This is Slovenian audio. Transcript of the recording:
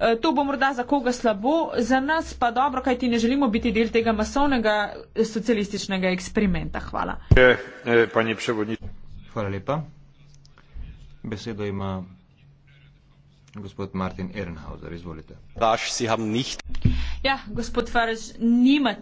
Eh, to bo morda za koga slabo, za nas pa dobro, kaj ti ne želimo biti del tega masovnega socialističnega eksperimenta. Hvala. Eh, eh, Hvala lepa. Besedo ima gospod Martin Ehrenhauser. Izvolite. Ja, gospod Farage, nimate.